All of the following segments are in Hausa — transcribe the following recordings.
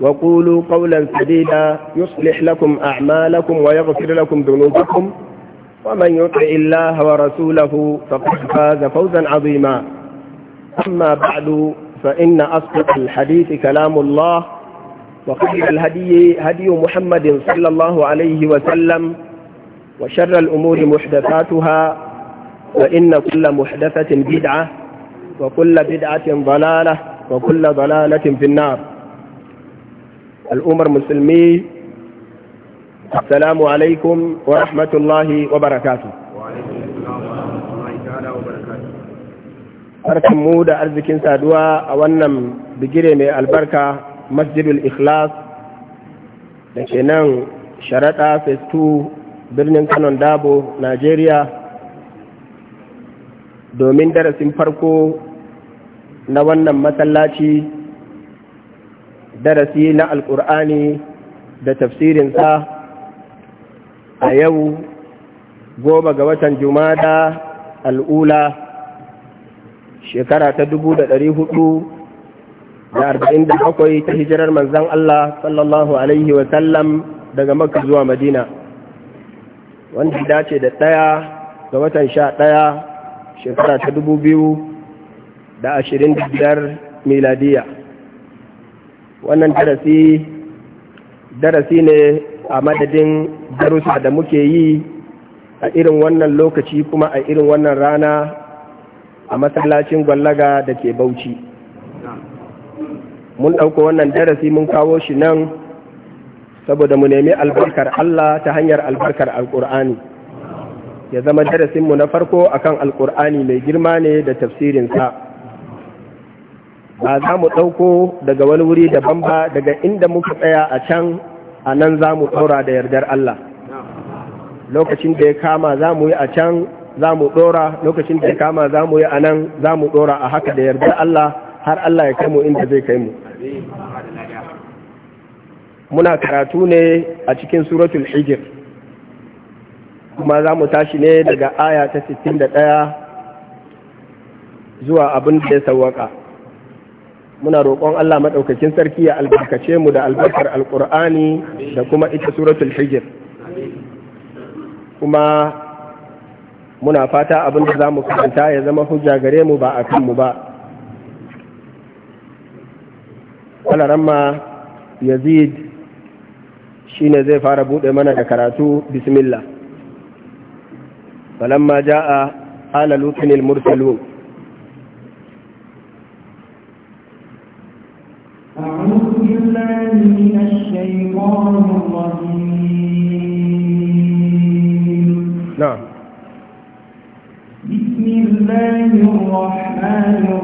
وقولوا قولا سديدا يصلح لكم أعمالكم ويغفر لكم ذنوبكم ومن يطع الله ورسوله فقد فاز فوزا عظيما أما بعد فإن أصدق الحديث كلام الله وخير الهدي هدي محمد صلى الله عليه وسلم وشر الأمور محدثاتها فإن كل محدثة بدعة وكل بدعة ضلالة وكل ضلالة في النار al'ummar musulmi assalamu alaikum wa rahmatullahi wa barakatu mu da arzikin saduwa a wannan bigire mai albarka masjidul ikhlas da ke nan sharaɗa festu birnin kanon dabo najeriya domin darasin farko na wannan masallaci darasi na alkur'ani da tafsirinsa a yau goma ga watan jumada al'ula shekara ta dubu da ɗari hudu da arba'in da bakwai ta hijirar manzan Allah sallallahu alaihi wasallam daga makka zuwa madina wanda dace da ɗaya ga watan sha ɗaya shekara ta dubu biyu da ashirin da biyar miladiya wannan darasi darasi ne a madadin darussa da muke yi a irin wannan lokaci kuma a irin wannan rana a masallacin gwallaga da ke bauchi mun ɗauko wannan darasi mun kawo shi nan saboda mu nemi albarkar Allah ta hanyar albarkar alƙur'ani ya zama darasinmu na farko akan alƙur'ani mai girma ne da tafsirinsa ba za mu ɗauko daga wani wuri daban ba daga inda muka tsaya a can a nan za mu ɗora da yardar Allah lokacin da ya kama za mu yi a can za mu ɗora lokacin da ya kama za mu yi a nan za mu ɗora a haka da yardar Allah har Allah ya kai mu inda zai kai mu muna karatu ne a cikin suratul hijir kuma za mu tashi ne daga aya ta ɗaya zuwa abin da ya sawwaka muna roƙon Allah maɗaukakin sarki ya albarkace mu da albarkar alƙur'ani da kuma ita suratul hijir kuma muna fata abin da za mu karanta ya zama hujja gare mu ba a mu ba alaramma yazid ne zai fara buɗe mana da karatu bismillah falamma ja'a ala lutin al الرحمن الرحيم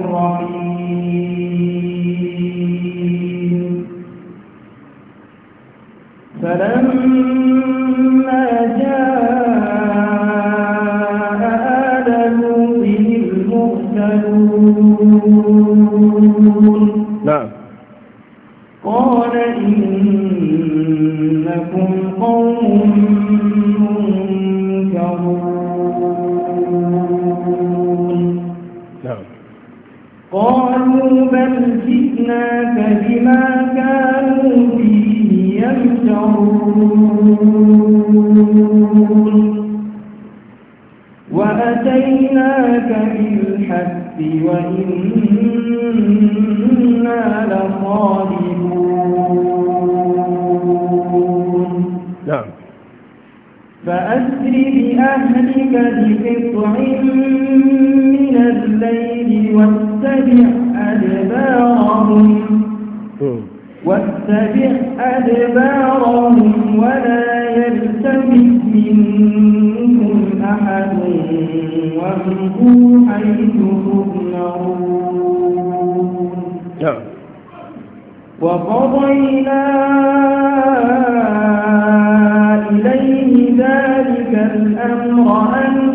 وقضينا إليه ذلك الأمر أن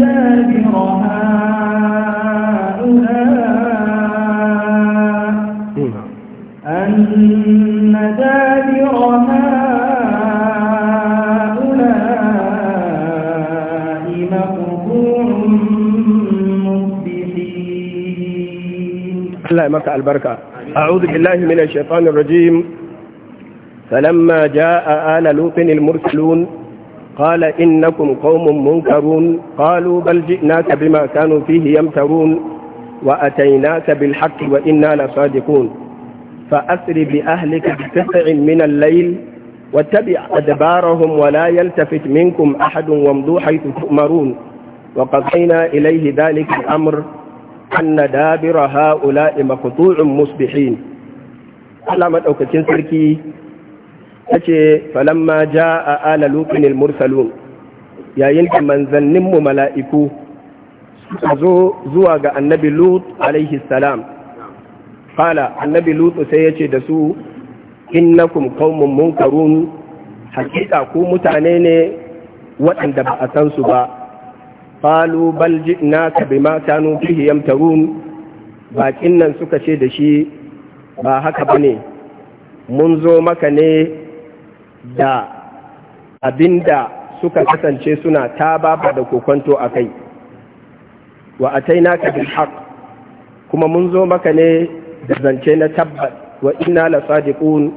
دابر هؤلاء أن دابر هؤلاء مقبول مصبحين الله يمتع البركة أعوذ بالله من الشيطان الرجيم فلما جاء آل لوط المرسلون قال إنكم قوم منكرون قالوا بل جئناك بما كانوا فيه يمترون وأتيناك بالحق وإنا لصادقون فأسر بأهلك بقطع من الليل واتبع أدبارهم ولا يلتفت منكم أحد وامضوا حيث تؤمرون وقضينا إليه ذلك الأمر anna dabira ha'ula'i maqtu'un musbihin Alama ɗaukacin sarki ce falamma jaa ala lutin al yayin da manzanninmu mala'iku suka zo zuwa ga annabi lut alaihi salam fala annabi lut sai yace da su innakum qaumun munkarun hakika ku mutane ne waɗanda ba a san su ba qalu bal ji'naka bima kanu bihi yamtarun bakin nan suka ce da shi ba haka bane mun zo maka ne da abinda suka kasance suna ta baba da kokonto a kai wa atainaka bil haqq kuma mun zo maka ne da zance na tabbat wa inna la sadiqun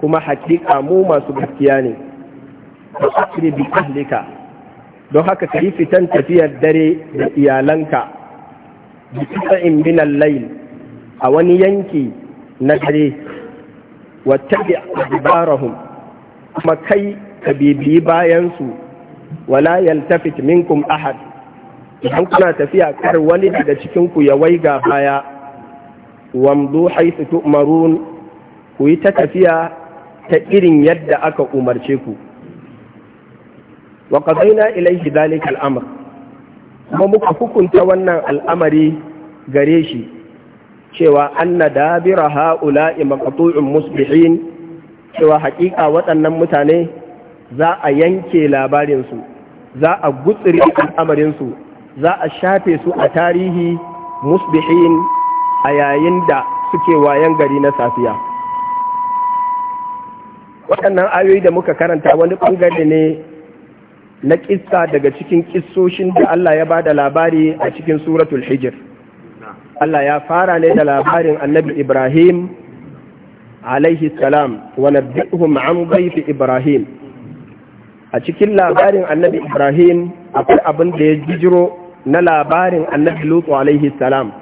kuma hakika mu masu gaskiya ne fa asri bi ahlika don haka ka yi fitan tafiyar dare da iyalanka da kusa in binan lail a wani yanki na dare bi a adbarahum kuma kai ka bibiyi bayan su wala yaltafit minkum ahad idan kuna tafiya kar wani daga cikinku ku ya waiga baya wamdu haisu tu'marun ku yi ta tafiya ta irin yadda aka umarce ku wa qadaina ilayhi dhalika amr kuma muka hukunta wannan al'amari gare shi cewa anna dabira ha'ula'i maqtu'un musbihin cewa haƙiƙa waɗannan mutane za a yanke labarinsu za a gutsiri al'amarinsu za a shafe su a tarihi musbihin a yayin da suke wayan gari na safiya waɗannan ayoyi da muka karanta wani ɓangare ne na kissa daga cikin kissoshin da Allah ya ba da labari a cikin suratul hijir Allah ya fara ne da labarin annabi Ibrahim alaihi salam wa nabbihum an fi Ibrahim a cikin labarin annabi Ibrahim akwai abin da ya jijiro na labarin annabi Lutu alaihi salam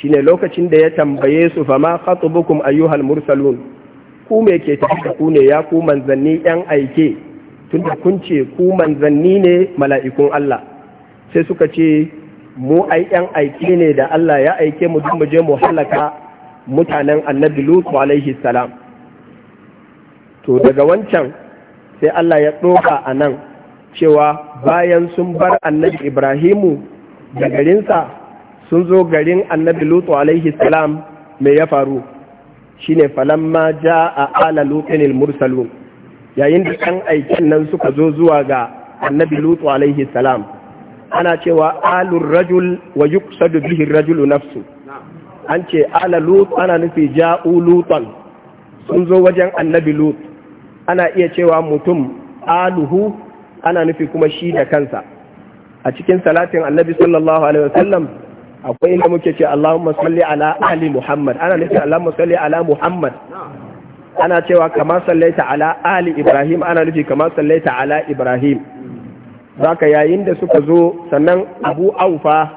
shine lokacin da ya tambaye su fama khatubukum ayyuhal mursalun ku me ke tafi ku ne ya ku manzanni yan aike Tun da kun ce ku manzanni ne mala'ikun Allah sai suka ce mu ai yan aiki ne da Allah ya aike mu mu je mu halaka mutanen annabi lutu alaihi salam to daga wancan sai Allah ya ɗoka a nan cewa bayan sun bar annabi ibrahimu da garinsa sun zo garin annabi lutu alaihi salam mai ya faru shine falamma ja a ala lutinil mursalun yayin da ɗan aikin nan suka zo zuwa ga annabi lutu alaihi salam ana cewa alur rajul wa yuqsadu bihi rajulu nafsu an ce ala lut ana nufi ja'u lutan sun zo wajen annabi lut ana iya cewa mutum aluhu ana nufi kuma shi da kansa a cikin salatin annabi sallallahu alaihi wasallam akwai inda muke ce Allahumma salli ala ali Muhammad ana nufi Allahumma salli ala Muhammad ana cewa kama sallaita ala ali ibrahim ana nufi kama sallaita ala ibrahim zaka yayin da suka zo sannan abu aufa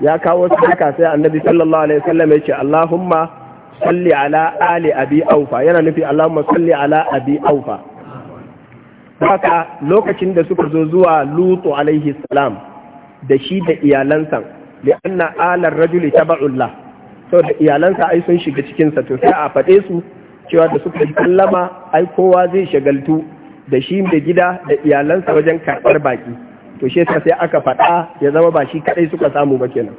ya kawo sadaka sai annabi sallallahu alaihi wasallam ya ce allahumma salli ala ali abi aufa yana nufi allahumma salli ala abi aufa haka lokacin da suka zo zuwa lutu alaihi salam da shi da iyalansa li'anna anna alar rajuli taba'ullah da iyalansa ai sun shiga cikinsa to sai a faɗe su cewa da suka yi sallama ai kowa zai shagaltu da shi da gida da iyalansa wajen karɓar baki to shi yasa sai aka faɗa ya zama ba shi kaɗai suka samu ba kenan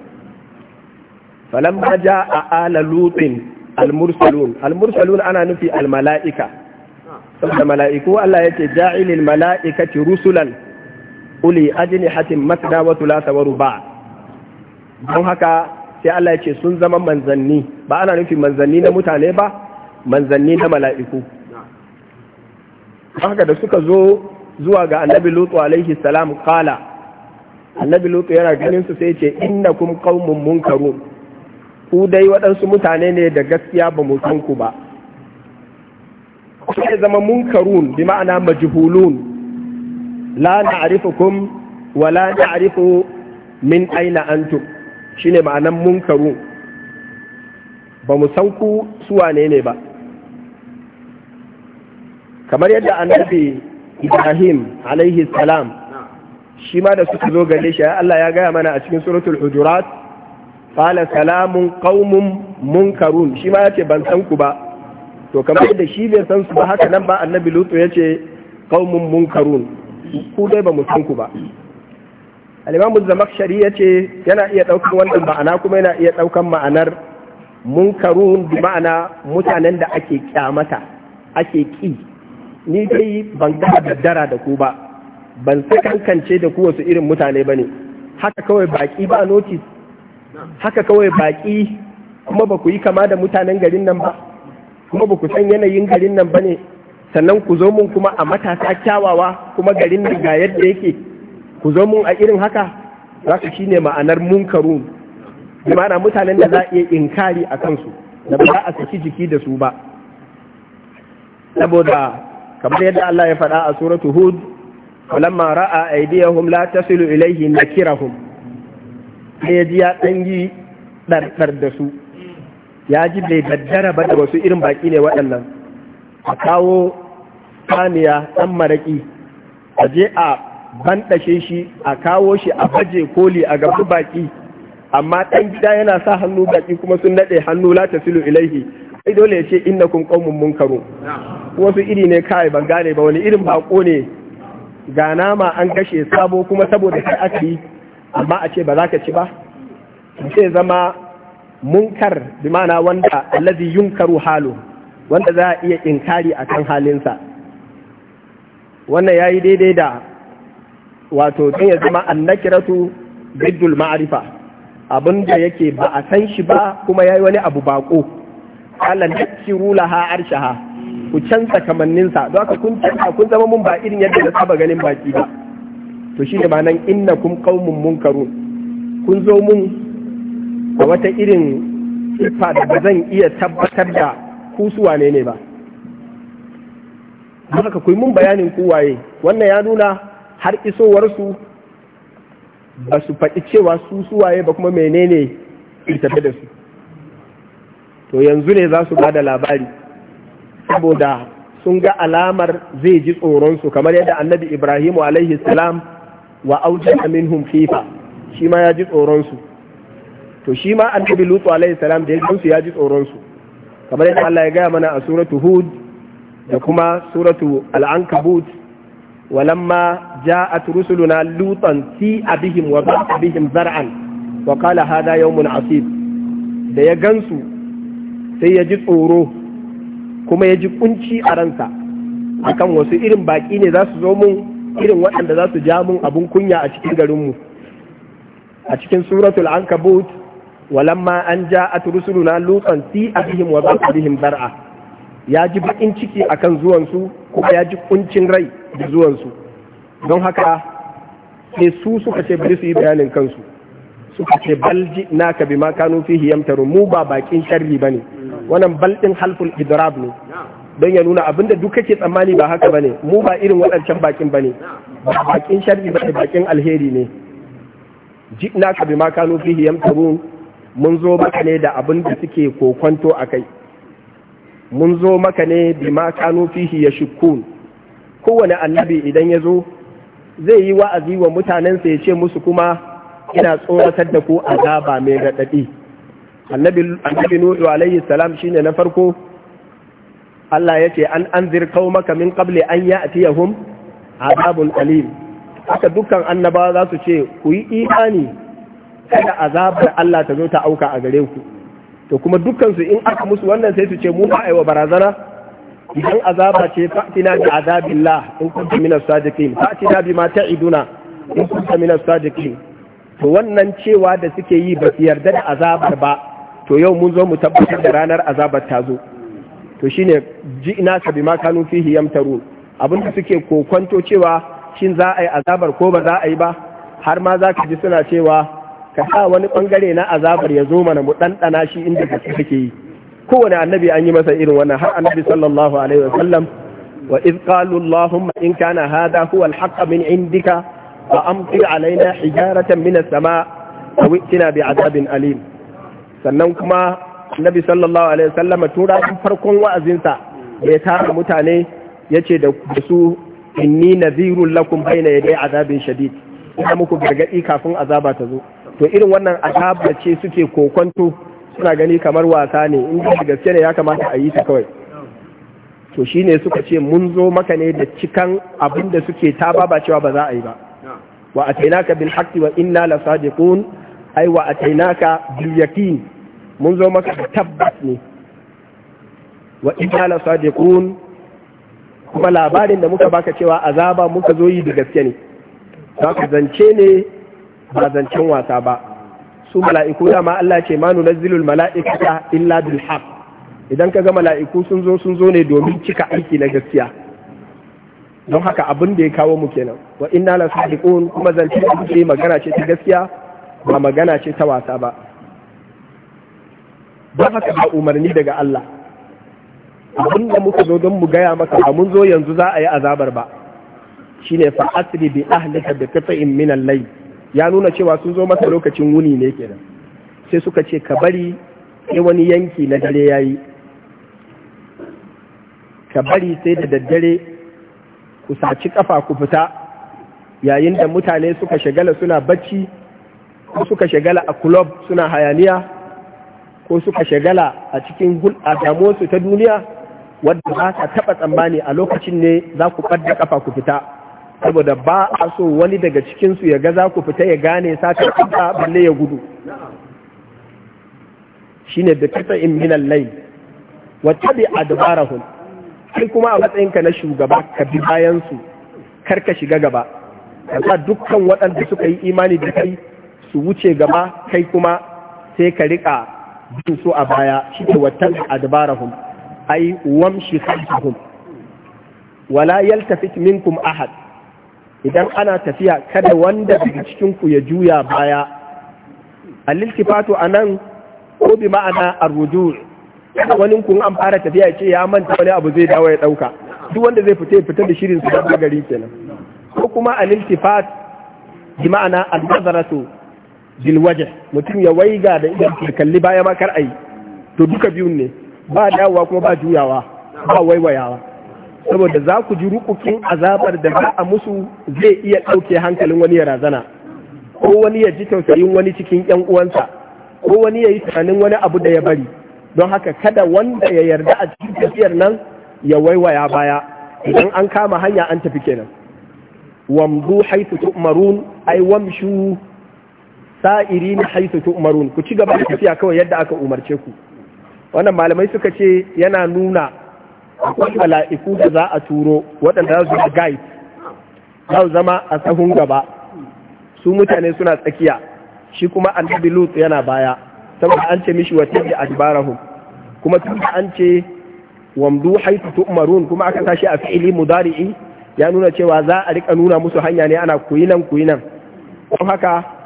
ba ja a ala lutin almursalun almursalun ana nufi almala'ika saboda mala'iku Allah ya ce ja'ilil mala'ikati rusulan uli ajnihatin masna wa thulatha wa ruba don haka sai Allah ya sun zama manzanni ba ana nufi manzanni na mutane ba manzanni na mala'iku haka da suka zo zuwa ga annabi lutu alaihi salam kala annabi lutu yana ganin su sai ce innakum mun munkaru ku dai waɗansu mutane ne da gaskiya ba mu san ku ba ku zama munkarun bi ma'ana majhulun la na'rifukum wa la na'rifu min aina antum shine ma'anan munkarun ba mu san ku suwane ne ba kamar yadda annabi Ibrahim alaihi salam shi ma da suka zo gare shi Allah ya gaya mana a cikin suratul hujurat qala salamun qaumun munkarun shi ma yace ban san ku ba to kamar yadda shi bai san su ba haka nan ba annabi Lutu yace qaumun munkarun ku dai ba mu san ku ba al-imam az-zamakhshari yace yana iya daukar wannan ma'ana kuma yana iya daukar ma'anar munkarun bi ma'ana mutanen da ake kyamata ake ki ni dai ban ga daddara da ku ba ban kankance da ku wasu irin mutane ba ne haka kawai baki ba notice haka kawai baki kuma ba ku yi kama da mutanen garin nan ba kuma ba ku san yanayin garin nan ba ne sannan ku zo mun kuma a matasa kyawawa kuma garin nan ga yadda yake ku zo mun a irin haka Za ku shine ma'anar munkarun bi ma'ana mutanen da za a iya inkari a kansu da ba za a saki jiki da su ba saboda kamar yadda Allah ya faɗa a suratu hud falamma ra'a aydiyahum la tasilu ilayhi nakirahum sai ya ji ya dangi ɗarɗar da su ya ji bai daddara ba da wasu irin baki ne waɗannan a kawo saniya ɗan maraƙi a je a banɗashe shi a kawo shi a baje koli a gaban baki amma ɗan gida yana sa hannu baki kuma sun naɗe hannu la tasilu ilaihi ai dole ya ce innakum qaumun munkaru wasu iri ne kai ban gane ba wani irin bako ne ga nama an gashe sabo kuma saboda kai aka yi amma a ce ba za ka ci ba sai zama munkar bi ma'ana wanda allazi yunkaru halu wanda za a iya inkari a kan halinsa wannan yayi daidai da wato don ya zama annakiratu biddul ma'arifa abin da yake ba a san shi ba kuma ya yi wani abu bako kala rula ha arshaha ku canza kamanninsa don haka kun canza kun zama mun ba irin yadda na saba ganin baki ba to shi ne ma nan innakum qaumun munkaru kun zo mun a wata irin sifa da ba zan iya tabbatar da ku su wane ne ba don haka ku mun bayanin ku waye wannan ya nuna har isowarsu ba su faɗi cewa su su waye ba kuma menene tafi da su to yanzu ne za su ba da labari saboda sun ga alamar zai ji tsoronsu kamar yadda annabi ibrahimu alaihi salam wa auja minhum fifa shi ma ya ji tsoronsu to shi ma annabi lutu alaihi salam da ya ya ji tsoronsu kamar yadda Allah ya gaya mana a suratu hud da kuma suratu al-ankabut rusuluna lutan fi abihim wa ba'a bihim zar'an wa qala hada yawmun asib. da ya gansu sai ya ji tsoro kuma ya ji kunci a ransa akan wasu irin baƙi ne za su zo mun irin waɗanda za su ja mun abun kunya a cikin garinmu a cikin suratul ankabut walamma an ja na lutsan si abihim wa baqa bihim bar'a ya ji baƙin ciki akan zuwansu kuma ya ji kuncin rai da zuwansu don haka sai su suka ce bari su yi bayanin kansu suka ce bal ji naka ma kanu fihi yamtaru mu ba bakin sharri bane wannan baldin halful idrab ne don ya nuna abinda duk kake tsammani ba haka bane mu ba irin waɗancan bakin bane ba bakin sharri ba bakin alheri ne jina ka bima kanu fihi yamtarun mun zo maka ne da abin da suke kokonto akai mun zo maka ne bima kanu fihi yashkun kowane annabi idan ya zo zai yi wa'azi wa mutanensa ya ce musu kuma ina tsoratar da ku azaba mai raɗaɗi annabi nuhu alaihi salam shine na farko Allah ya ce an anzir qaumaka min qabli an ya'tiyahum azabun alim haka dukkan annabawa za su ce ku yi imani kada azabar Allah ta zo ta auka a gare ku to kuma dukkan su in aka musu wannan sai su ce mu ba aiwa barazana idan azaba ce fa'tina bi azabillah in kunta min as-sadiqin fa'tina bi ma ta'iduna in kunta min as-sadiqin to wannan cewa da suke yi ba su yarda da azabar ba to yau mun zo mu tabbatar da ranar azabar ta zo to shine ji ina sabi ma kanu fihi yamtaru abin da suke kokonto cewa shin za a yi azabar ko ba za a yi ba har ma za ka ji suna cewa ka sa wani bangare na azabar ya zo mana mu ɗanɗana shi inda ka suke yi kowane annabi an yi masa irin wannan har annabi sallallahu alaihi wasallam wa iz qalu allahumma in kana hada huwa alhaq min indika fa amtir alaina hijaratan min as-sama' aw bi azabin alim sannan kuma nabi sallallahu alaihi wasallama tura farkon wa'azinsa da ya tara mutane ya ce da su inni nadhirun lakum bayna yaday azabin shadid ina muku gargadi kafin azaba ta zo to irin wannan azaba ce suke kokonto suna gani kamar wasa ne in da gaske ne ya kamata a yi ta kawai to shine suka ce mun zo maka ne da cikan abin da suke ta ba cewa ba za a yi ba wa atainaka bil haqqi wa inna lasadiqun ai wa atainaka bil yaqin mun zo maka da tabbas ne wa inna la sadiqun kuma labarin da muka baka cewa azaba muka zo yi da gaske ne ka zance ne ba zancen wasa ba su mala'iku dama Allah ce manu nazilul mala'ikata illa bil haqq idan kaga mala'iku sun zo sun zo ne domin cika aiki na gaskiya don haka abin da ya kawo mu kenan wa inna la sadiqun kuma zance da magana ce ta gaskiya ba magana ce ta wasa ba ba haka ba umarni daga Allah abin da muka zo don mu gaya maka ba mun zo yanzu za a yi azabar ba shine fa asri bi ahlika bi qit'in min al-layl ya nuna cewa sun zo masa lokacin wuni ne kenan sai suka ce ka bari sai wani yanki na dare yayi ka bari sai da daddare ku saci kafa ku fita yayin da mutane suka shagala suna bacci ko suka shagala a kulob suna hayaniya ko suka shagala a cikin hulɗa damuwarsu ta duniya wadda ba ka taɓa tsammani a lokacin ne za ku ɓadda ƙafa ku fita saboda ba a so wani daga cikinsu ya ga za ku fita ya gane sata ƙafa balle ya gudu shine da kasa in minan wata bi a dabara hun kai kuma a matsayinka na shugaba ka bi bayansu kar ka shiga gaba ka dukkan waɗanda suka yi imani da kai su wuce gaba kai kuma sai ka rika bin su a baya shi ne wattan adbarahum ai wamshi khalfahum wala yaltafit minkum ahad idan ana tafiya kada wanda daga cikin ku ya juya baya a anan ko bi ma'ana arruju kada wani kun an fara tafiya ya ce ya manta wani abu zai dawo ya dauka duk wanda zai fita fita da shirin su da gari kenan ko kuma aliltifat bi ma'ana al-nazaratu bilwaje mutum ya waiga da idan ka kalli baya ma kar ayi to duka biyun ne ba dawowa kuma ba juyawa ba waiwayawa saboda za ku ji rukukin azabar da za a musu zai iya ɗauke hankalin wani ya razana ko wani ya ji tausayin wani cikin ƴan uwansa ko wani ya yi tunanin wani abu da ya bari don haka kada wanda ya yarda a cikin tafiyar nan ya waiwaya baya idan an kama hanya an tafi kenan wamdu haitu tu'marun ai wamshu sa'iri na haisu tu umarun ku ci gaba da tafiya kawai yadda aka umarce ku wannan malamai suka ce yana nuna akwai mala'iku da za a turo waɗanda za su guide za zama a sahun gaba su mutane suna tsakiya shi kuma annabi lut yana baya saboda an ce mishi wata da adbarahum kuma tun an ce wamdu haitu tu'marun kuma aka tashi a fi'ili mudari'i ya nuna cewa za a rika nuna musu hanya ne ana kuyinan nan don haka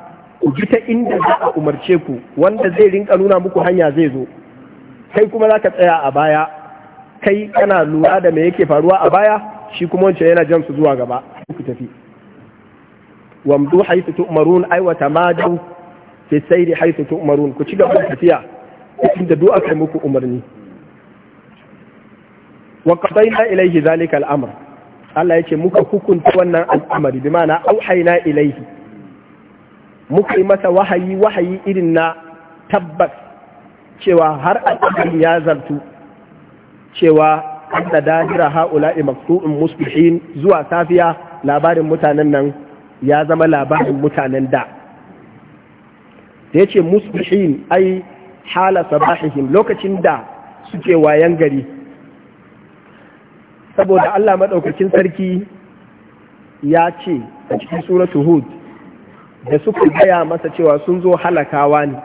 ku bi ta inda za a umarce ku wanda zai rinka nuna muku hanya zai zo kai kuma za ka tsaya a baya kai kana lura da me yake faruwa a baya shi kuma wancan yana jan su zuwa gaba ku tafi wamdu haythu tu'marun aiwata wa fi sayri haythu tu'marun ku ci gaba da tafiya inda du'a kai muku umarni wa qadayna ilayhi zalika al-amr Allah yace muka hukunta wannan al'amari bi ma'ana auhayna ilayhi muka yi masa wahayi wahayi irin na tabbas cewa har al'adun ya zartu cewa an da dajira ha'ula'i maksu'in musbihin zuwa safiya labarin mutanen nan ya zama labarin mutanen da da ya ce musbihin ai hala sabahihim lokacin da suke wayan gari saboda Allah maɗaukacin sarki ya ce a cikin suratu hud da suka gaya masa cewa sun zo halakawa ne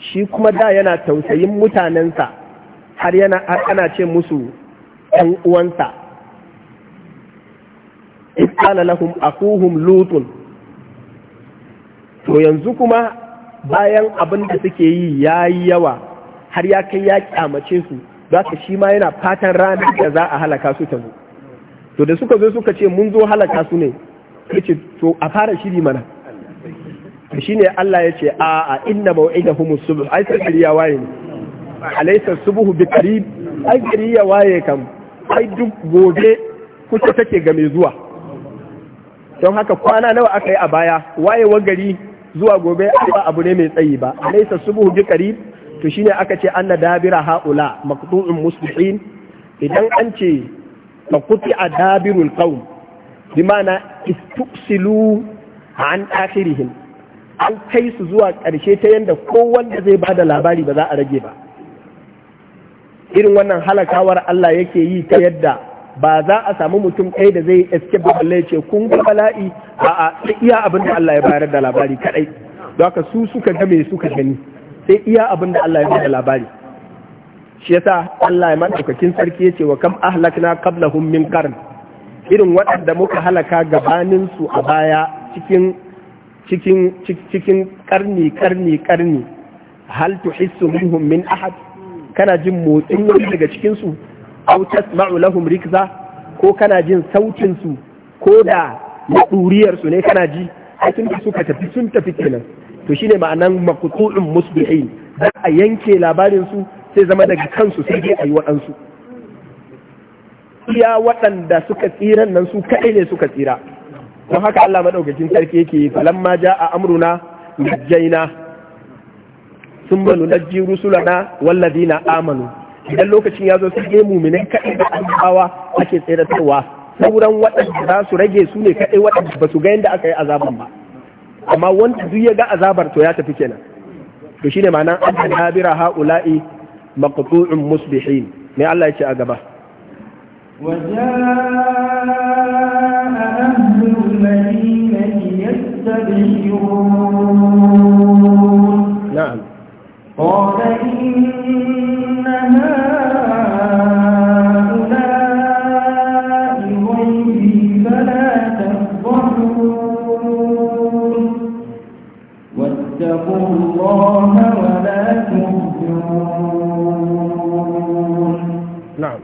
shi kuma da yana tausayin mutanensa har yana ana ce musu ‘yan uwansa isala lahum akuhum lutun to yanzu kuma bayan abin da suke yi ya yi yawa har ya kai ya kyamace su za ka shi ma yana fatan ranar da za a halaka su ta zo to da suka zo suka ce mun zo halaka su ne ce to a fara shiri mana to shine Allah ya ce a a inna mau'idahum subh ai sai waye ne alaysa subuhu bi qarib ai gari waye kam ai duk gobe kusa take ga mai zuwa don haka kwana nawa aka yi a baya wayewar gari zuwa gobe ba abu ne mai tsayi ba alaysa subhu bi qarib to shine aka ce anna dabira haula maqtu'un muslihin idan an ce fa quti'a dabirul qawm bimana istuksilu an akhirihim an kai su zuwa ƙarshe ta yadda kowanda zai ba da labari ba za a rage ba irin wannan halakawar Allah yake yi ta yadda ba za a samu mutum ɗaya da zai eske balle ce kun ga bala'i a a iya abin da Allah ya bayar da labari kaɗai don haka su suka game suka gani sai iya abin da Allah ya bayar da labari shi yasa Allah ya madaukakin sarki ya ce wa kam ahlakna kabla hummin' qarn irin waɗanda muka halaka gabaninsu a baya cikin cikin karni karni karni hal tuhissu minhum min ahad kana jin motsin wani daga cikin su aw tasma'u lahum rikza ko kana jin sautin su ko da maduriyar su ne kana ji ai tun suka tafi sun tafi kenan to shine ma'anan maqtu'un musbihin za a yanke labarin su sai zama daga kansu sai dai ayi waɗansu iya waɗanda suka tsira nan su kaɗai ne suka tsira don haka Allah madaukakin sarki yake falamma a amruna najjaina sun banu najji rusulana na amanu idan lokacin ya zo sun dai mu'minai kaɗai da annabawa ake tsayarwa sauran waɗanda za su rage su ne kaɗai waɗanda ba su ga yadda aka yi azaban ba amma wanda duk ya ga azabar to ya tafi kenan to shine ma'anar an tabira ha'ula'i maqtu'un musbihin ne Allah ya ce a gaba وجاء أهل المدينة يستبشرون نعم قال إن هؤلاء غيبي فلا تفضحون واتقوا الله ولا تهجرون نعم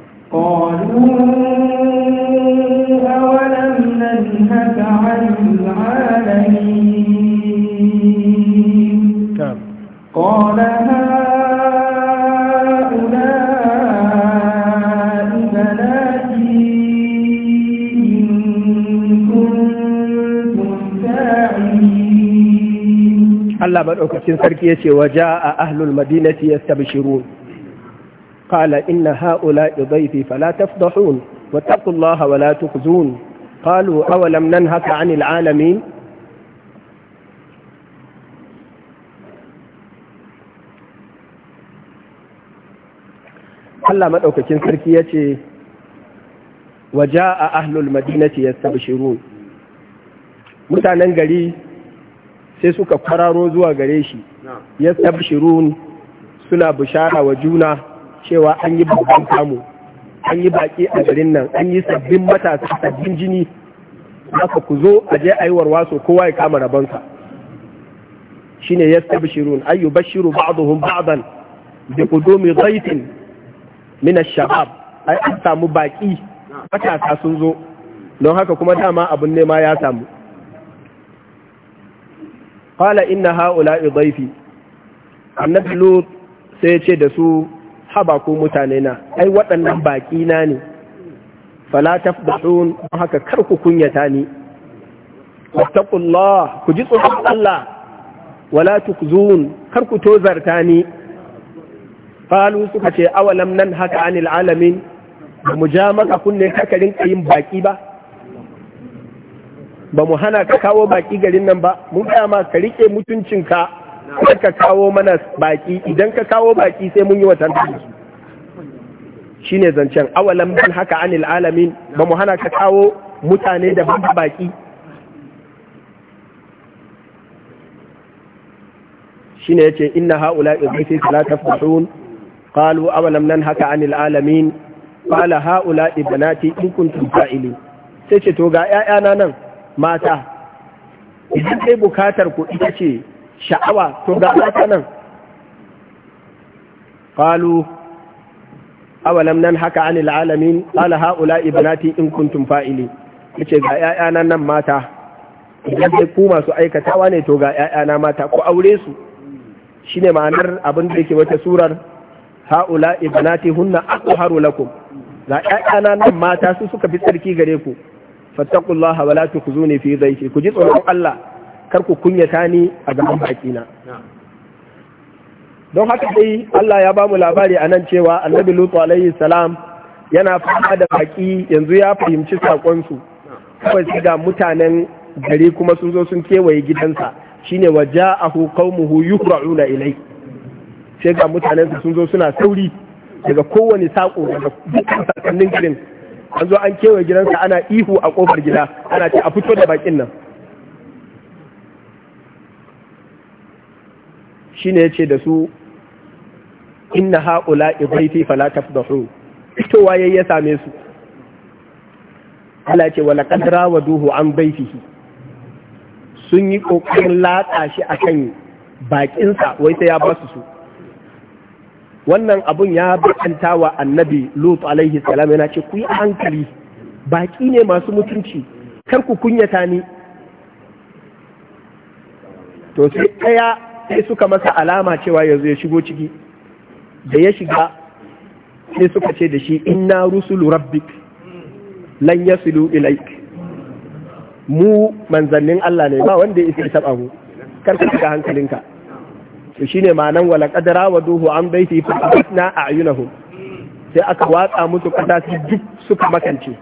madaukakin sarki ce wa a ahlul madinati yastabshirun qala inna haula'i dhayfi fala tafdahun wattaqullaha wa la tukhzun qalu awalam nanhaka 'anil 'alamin Allah madaukakin sarki yace wa jaa ahlul madinati yastabshirun mutanen gari sai suka kwararo zuwa gare shi ya tabshirun suna bishara wa juna cewa an yi babban kamu an yi baki a garin nan an yi sabbin matasa sabbin jini haka ku zo a je aiwar waso kowa ya kama rabansa shine shiru ay yubashshiru ba'dhum ba'dan bi qudumi dhaytin min ash-shabab ai an samu baki matasa sun zo don haka kuma dama abun nema ya samu qala inna haula'i dhaifi annabi lut sai ya ce da su haba ko mutane na ai waɗannan baƙi na ne fala tafdahun haka kar ku kunyata ni wattaqullah ku ji tsoron Allah wala tukzun kar ku tozarta ni Falu suka ce awalam nan haka anil alamin mu ja maka kunne kakarin kayin baƙi ba ba mu hana ka kawo baki garin nan ba mun gaya ma ka rike mutuncinka kar ka kawo mana baki idan ka kawo baki sai mun yi watan shine zancen awalan ban haka anil alamin ba mu hana ka kawo mutane da ban baki shine yace inna haula ibisi la tafahun qalu awalam nan haka anil alamin qala haula ibnati in kuntum fa'ilin sai ce to ga 'ya'yana nan mata idan kai bukatar ku ita ce sha'awa to ga mata nan ƙalu awalam nan haka an alamin ala haula ibnati in kuntum fa'ili ce ga 'ya'yana nan mata idan dai ku masu aikatawa ne to ga 'ya'yana mata ku aure su Shi ne ma'anar abin da yake wata surar haula ibnati hunna haru lakum ga 'ya'yana nan mata su suka fi tsarki gare ku fattaqullaha wala tukhzuni fi dhayfi ku ji tsoron Allah kar ku kunyata ni a gaban baki na don haka dai Allah ya bamu labari anan cewa Annabi Lutu alaihi salam yana fama da baki yanzu ya fahimci sakon su kawai sai ga mutanen gari kuma sun zo sun kewaye gidansa shine waja'ahu qaumuhu yuhra'una ilai sai ga mutanen sun zo suna sauri daga kowane sako daga dukkan sakannin girin an zo an kewaye gidansa ana ihu a kofar gida ana ce a fito da bakin nan ya ce da su inna haula ibaiti da su fitowa yayi ya same su ala ce wala wa duhu an baitihi sun yi ƙoƙarin latsa shi kan bakinsa wai sai ya basu su wannan abun ya bakanta wa annabi lut alaihi salam yana ce ku yi hankali baki ne masu mutunci kar ku kunyata ni to sai ɗaya sai suka masa alama cewa yanzu ya shigo ciki da ya shiga sai suka ce da shi inna rusulu rabbik lan yasilu ilaik mu manzannin Allah ne ba wanda ya isa taba mu kar ka shiga hankalinka to shine ma'anan wala qadara wa duhu an baiti fa asna a'yunahum sai aka watsa musu kasa su duk suka makance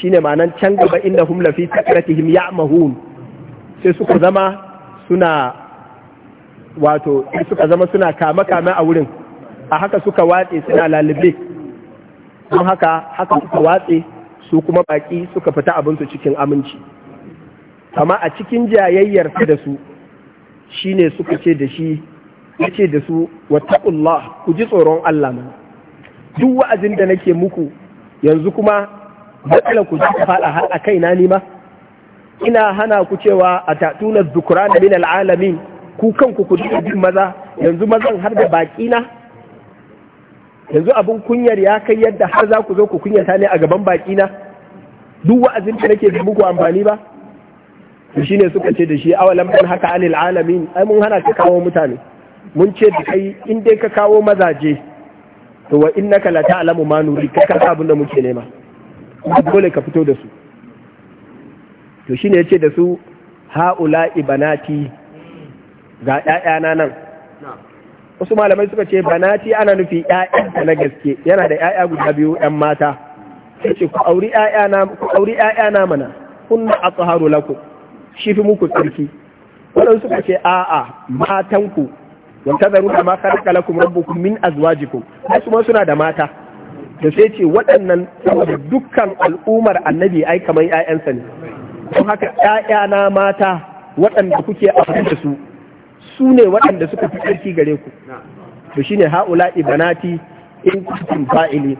shine ma'anan can gaba inda hum lafi sakratihim ya'mahun sai suka zama suna wato suka zama suna kama kama a wurin a haka suka watse suna lalube don haka haka suka watse su kuma baki suka fita abinsu cikin aminci amma a cikin jayayyar da su Shi ne suka ce da shi ya ce da su ku ji tsoron Allah mana duk wa'azin da nake muku yanzu kuma matsala ku ji faɗa har a kaina ni ma ina hana ku cewa a tatuna zukran min alalamin ku kanku ku dinga bin maza yanzu mazan har da baki na yanzu abin kunyar ya kai yadda har za ku zo ku kunyata ne a gaban baki na duk wa'azin da nake muku amfani ba to ne suka ce da shi awa an haka anil alamin ai mun hana ka kawo mutane mun ce da kai in dai ka kawo mazaje to wa innaka la ta'lamu ma nuri ka ka abin da muke nema dole ka fito da su to shi ya ce da su haula ibanati ga ƴaƴana nan wasu malamai suka ce banati ana nufi ƴaƴa na gaske yana da ƴaƴa guda biyu ƴan mata sai ce ku auri ƴaƴana ku auri ƴaƴana mana kunna atharu lakum shi fi muku tsarki waɗansu suka ce a'a matanku wata zaru da ma kada ku rabbukum min azwajikum su ma suna da mata da sai ce waɗannan saboda dukkan al'ummar annabi ai kamar 'ya'yansa ne don haka 'ya'yana mata waɗanda kuke amfani da su su ne waɗanda suka fi tsarki gare ku to shine haula ibanati in kuntum fa'ili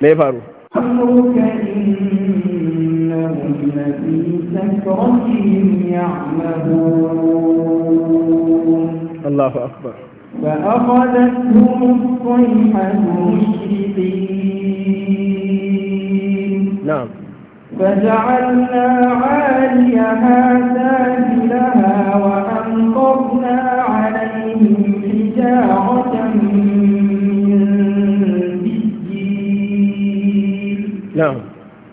me faru إنهم سكرتهم الله أكبر فأخذتهم الصيحة مشرقين نعم فجعلنا عاليها سافلها وأمطرنا عليهم حجارة من سجيل نعم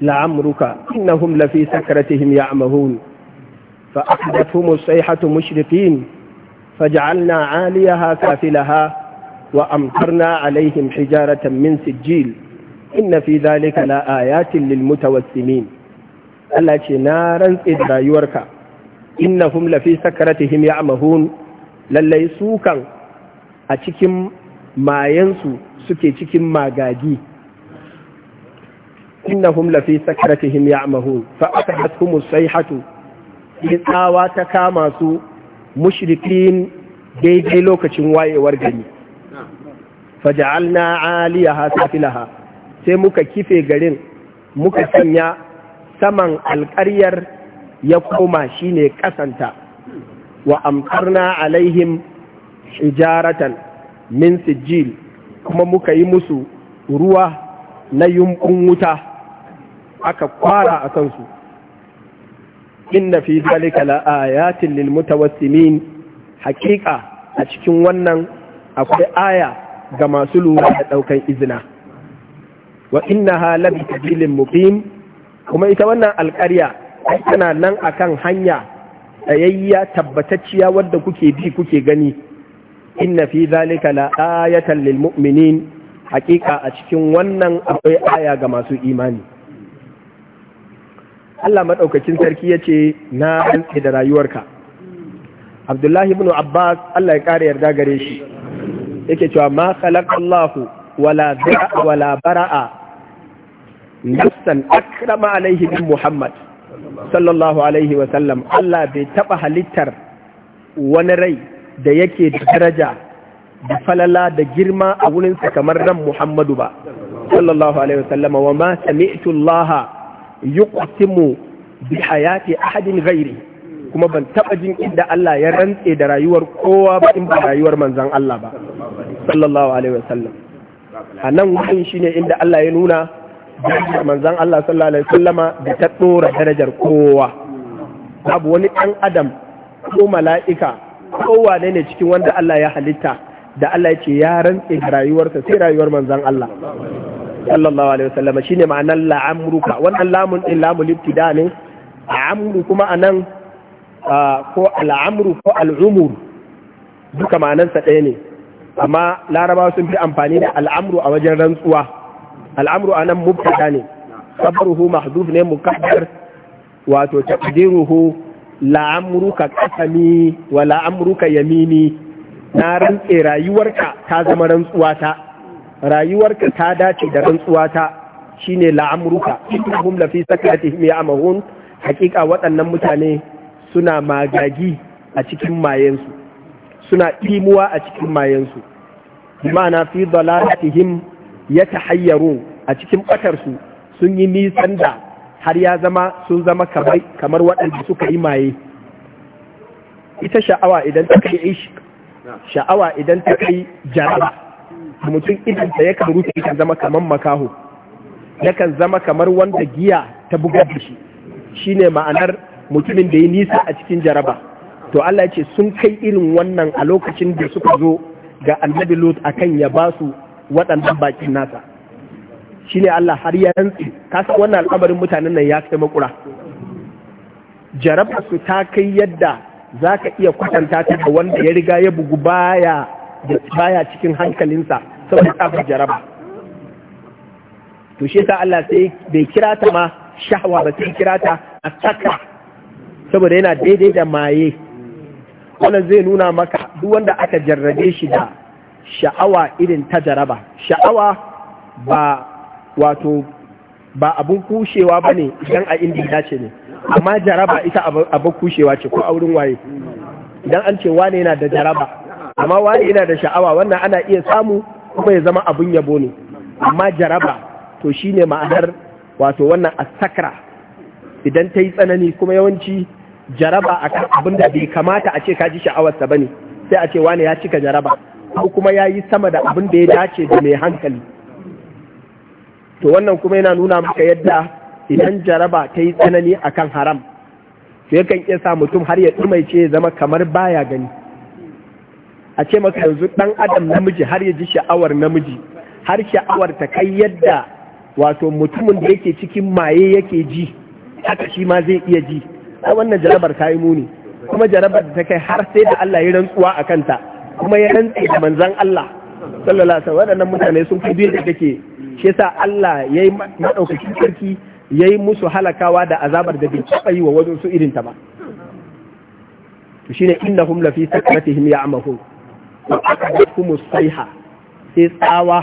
لعمرك إنهم لفي سكرتهم يعمهون فأخذتهم الصيحة مشرقين فجعلنا عاليها سافلها وأمطرنا عليهم حجارة من سجيل إن في ذلك لآيات لا للمتوسمين التي نارا إذ يوركا إنهم لفي سكرتهم يعمهون للي سوكا أتكم ما ينسو سكي تكم ما قاديه innahum lafi sakaratihim ya'mahun fa atahatkum sayhatu tsawa ta kama su mushrikin daidai lokacin wayewar gari faja'alna 'aliyaha safilaha sai muka kife garin muka sanya saman alƙaryar ya koma shine kasanta wa amtarna alaihin hijaratan min sijil kuma muka yi musu ruwa na yumbun wuta aka kwara a kansu inna fi zalika la ayatin lil mutawassimin hakika a cikin wannan akwai aya ga masu lura da daukan izina wa innaha la bi muqim kuma ita wannan alƙarya tana nan akan hanya tsayayya tabbatacciya wadda kuke bi kuke gani inna fi zalika la ayatan lil mu'minin hakika a cikin wannan akwai aya ga masu imani Allah maɗaukakin sarki ya ce na rantse da rayuwarka Abdullahi ibn Abbas Allah ya ƙara yarda gare shi yake cewa ma khalaqallahu wala da'a wala bara'a nafsan akrama alaihi bin Muhammad sallallahu alaihi wa sallam Allah bai taɓa halittar wani rai da yake da daraja da falala da girma a wurinsa kamar ran Muhammadu ba sallallahu alaihi wa sallama wa ma sami'tu yuqtimu bi hayati ahadin ghairi kuma ban taba jin inda Allah ya rantse da rayuwar kowa ba in ba rayuwar manzon Allah ba sallallahu alaihi wasallam a nan wurin shine inda Allah ya nuna darajar manzon Allah sallallahu alaihi wasallama da ta dora darajar kowa babu wani dan adam ko mala'ika ko wane ne cikin wanda Allah ya halitta da Allah ya ce ya rantse da rayuwarsa sai rayuwar manzon Allah sallallahu alaihi wasallam shine ma'anar la'amruka wannan lamun din lamul ibtida ne amru kuma anan ko al'amru ko al'umur duka ma'anansa ɗaya ne amma larabawa sun fi amfani da al'amru a wajen rantsuwa al'amru anan nan mubtada ne sabaruhu mahzuf ne mukaddar wato taqdiruhu la'amruka qasami wa la'amruka yamini na rantse rayuwarka ta zama rantsuwa ta rayuwarka ta dace da rantsuwa ta shine la'amruka innahum lafi sakratihim ya'mahun hakika waɗannan mutane suna magagi a cikin mayensu suna imuwa a cikin mayensu na fi dalalatihim yatahayyaru a cikin batarsu sun yi nisan da har ya zama sun zama kamar waɗanda suka yi maye ita sha'awa idan ta kai ishq sha'awa idan ta kai jaraba mutum idan da yakan rufe yakan zama kamar makaho yakan zama kamar wanda giya ta bugar da shi shine ma'anar mutumin da ya nisa a cikin jaraba to Allah ya ce sun kai irin wannan a lokacin da suka zo ga annabi a kan ya ba su waɗannan bakin nasa shine Allah har ya rantsi san wannan al'amarin mutanen nan ya kai makura jarabar su ta kai yadda za ka iya kwatanta ta wanda ya riga ya bugu baya da baya cikin hankalinsa saboda tsabar jaraba to shi yasa Allah sai bai kira ta ma shahwa ba sai kira ta A asaka saboda yana daidai da maye wannan zai nuna maka duk wanda aka jarrabe shi da sha'awa irin ta jaraba sha'awa ba wato ba abun kushewa ba ne idan a inda ya ce ne amma jaraba ita abun kushewa ce ko a wurin waye idan an ce wane yana da jaraba amma wani ina da sha'awa wannan ana iya samu kuma ya zama abun yabo ne amma jaraba to shine ma'anar wato wannan asakra idan ta yi tsanani kuma yawanci jaraba a kan abin da bai kamata a ce ka ji sha'awarsa ba ne sai a ce wani ya cika jaraba ko kuma ya yi sama da abin da ya dace da mai hankali to wannan kuma yana nuna maka yadda idan jaraba ta yi tsanani a kan haram to yakan iya sa mutum har ya ɗumaice ya zama kamar baya gani a ce maka yanzu ɗan adam namiji har ya ji sha'awar namiji har sha'awar ta kai yadda wato mutumin da yake cikin maye yake ji haka shi ma zai iya ji a wannan jarabar ta yi muni kuma jarabar da ta kai har sai da Allah ya rantsuwa a kanta kuma ya rantse da manzan Allah sallallahu alaihi waɗannan mutane sun fi biyar da shi yasa Allah ya yi maɗaukakin sarki ya yi musu halakawa da azabar da bai yi wa wajen su ta ba to shine innahum lafi sakratihim ya'mahun wa aka da kuma saiha sai tsawa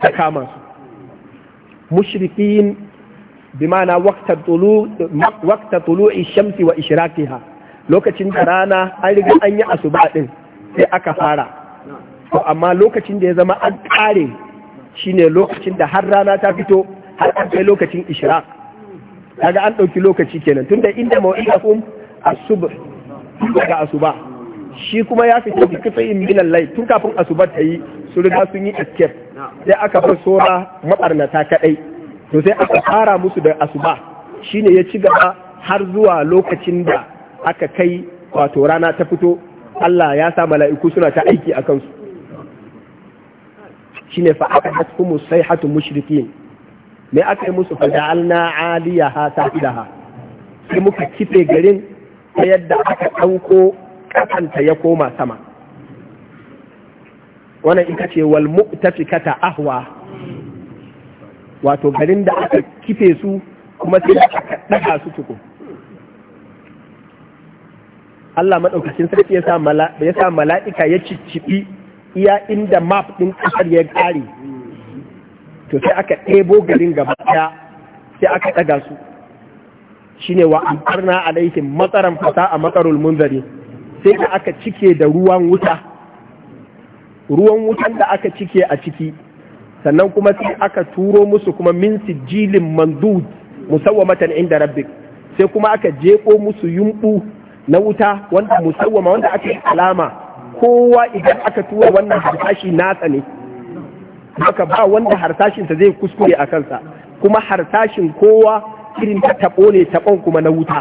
ta kama su mushrikin bi ma'ana waqta tulu'i shamsi wa ishraqiha lokacin da rana an riga an yi asuba din sai aka fara to amma lokacin da ya zama an kare shine lokacin da har rana ta fito har an kai lokacin ishraq kaga an ɗauki lokaci kenan tunda inda maw'idakum as-subh daga asuba shi kuma ya fita da kasa yin bilan lai tun kafin asuba ta yi su riga sun yi escape sai aka bar sora matsarnata kadai to sai aka fara musu da asuba shine ya ci gaba har zuwa lokacin da aka kai wato rana ta fito Allah ya sa mala'iku suna ta aiki a kansu shine fa aka sai sayhatu mushrikin me aka yi musu fa ja'alna 'aliyaha safilaha sai muka kife garin ta yadda aka ɗauko kasanta ya koma sama wannan ita ce wal mu'tafikata ahwa wato garin da aka kife su kuma sai aka ɗaga su tuku Allah maɗaukacin sarki ya sa mala'ika ya cicciɓi iya inda map ɗin ƙasar ya ƙare to sai aka ɗebo garin gaba ɗaya sai aka ɗaga su shine wa a alaihim matsaran fasa a matsarul munzari sai da aka cike da ruwan wuta ruwan wutan da aka cike a ciki sannan kuma sai aka turo musu kuma min sijilin mandud musawwamatan inda rabbik sai kuma aka jeko musu yumbu na wuta wanda musawwama wanda aka yi alama kowa idan aka tura wannan harsashi nasa ne haka ba wanda harsashinsa zai kuskure a kansa kuma harsashin kowa irin ta taɓo ne taɓon kuma na wuta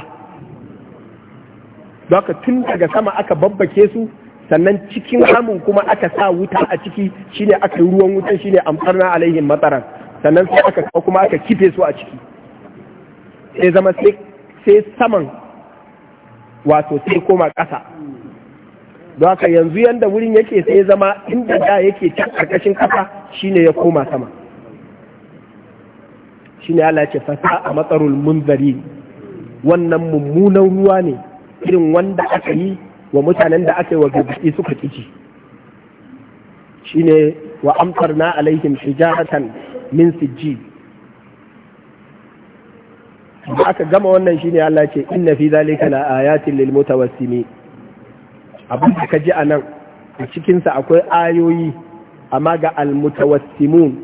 haka tun daga sama aka babbake su sannan cikin hamun kuma aka sa wuta a ciki shine aka yi ruwan wutan shine amfarna alaihim matsaran sannan sai aka kuma aka kife su a ciki sai zama sai saman wato sai koma ƙasa yanzu yanda wurin yake sai zama inda da yake can karkashin ƙasa shine ya koma sama shine Allah ce fasa a matsarul munzari wannan mummunan ruwa ne irin wanda aka yi wa mutanen da aka yi wa gargaɗi suka ƙiji shine wa amfarna alaihim hijaratan min sijji da aka gama wannan shine Allah ce inna fi zalika la ayatin lil mutawassimi abin da kaji anan a cikin sa akwai ayoyi amma ga al mutawassimun